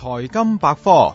財金百科，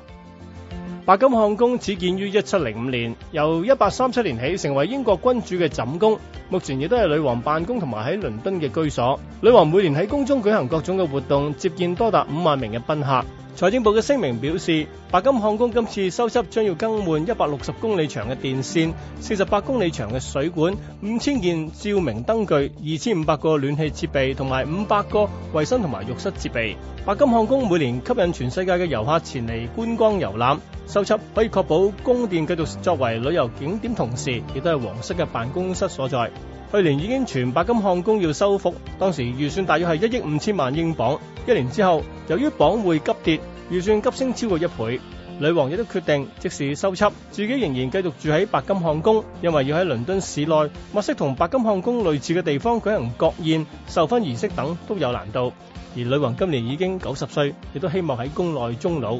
白金漢宮始建於一七零五年，由一八三七年起成為英國君主嘅寢宮，目前亦都係女王辦公同埋喺倫敦嘅居所。女王每年喺宮中舉行各種嘅活動，接見多達五萬名嘅賓客。財政部嘅聲明表示，白金漢宮今次修葺將要更換一百六十公里長嘅電線、四十八公里長嘅水管、五千件照明燈具、二千五百個暖氣設備同埋五百個衛生同埋浴室設備。白金漢宮每年吸引全世界嘅遊客前嚟觀光遊覽。修葺可以確保宮殿繼續作為旅遊景點，同時亦都係皇室嘅辦公室所在。去年已經全白金漢宮要修復，當時預算大約係一億五千萬英鎊。一年之後，由於鎊匯急跌，預算急升超過一倍。女王亦都決定，即時修葺，自己仍然繼續住喺白金漢宮，因為要喺倫敦市內，物色同白金漢宮類似嘅地方舉行國宴、授婚儀式等都有難度。而女王今年已經九十歲，亦都希望喺宮內終老。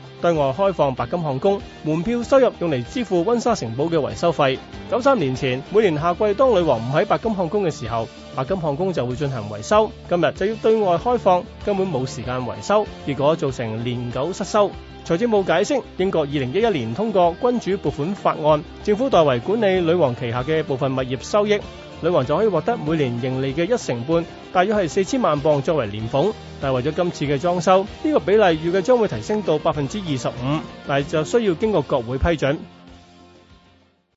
對外開放白金漢宮，門票收入用嚟支付溫莎城堡嘅維修費。九三年前，每年夏季當女王唔喺白金漢宮嘅時候，白金漢宮就會進行維修。今日就要對外開放，根本冇時間維修，結果造成年久失修。財政部解釋，英國二零一一年通過君主撥款法案，政府代為管理女王旗下嘅部分物業收益。女王就可以獲得每年盈利嘅一成半，大約係四千萬磅作為年俸，但係為咗今次嘅裝修，呢個比例預計將會提升到百分之二十五，但係就需要經過國會批准。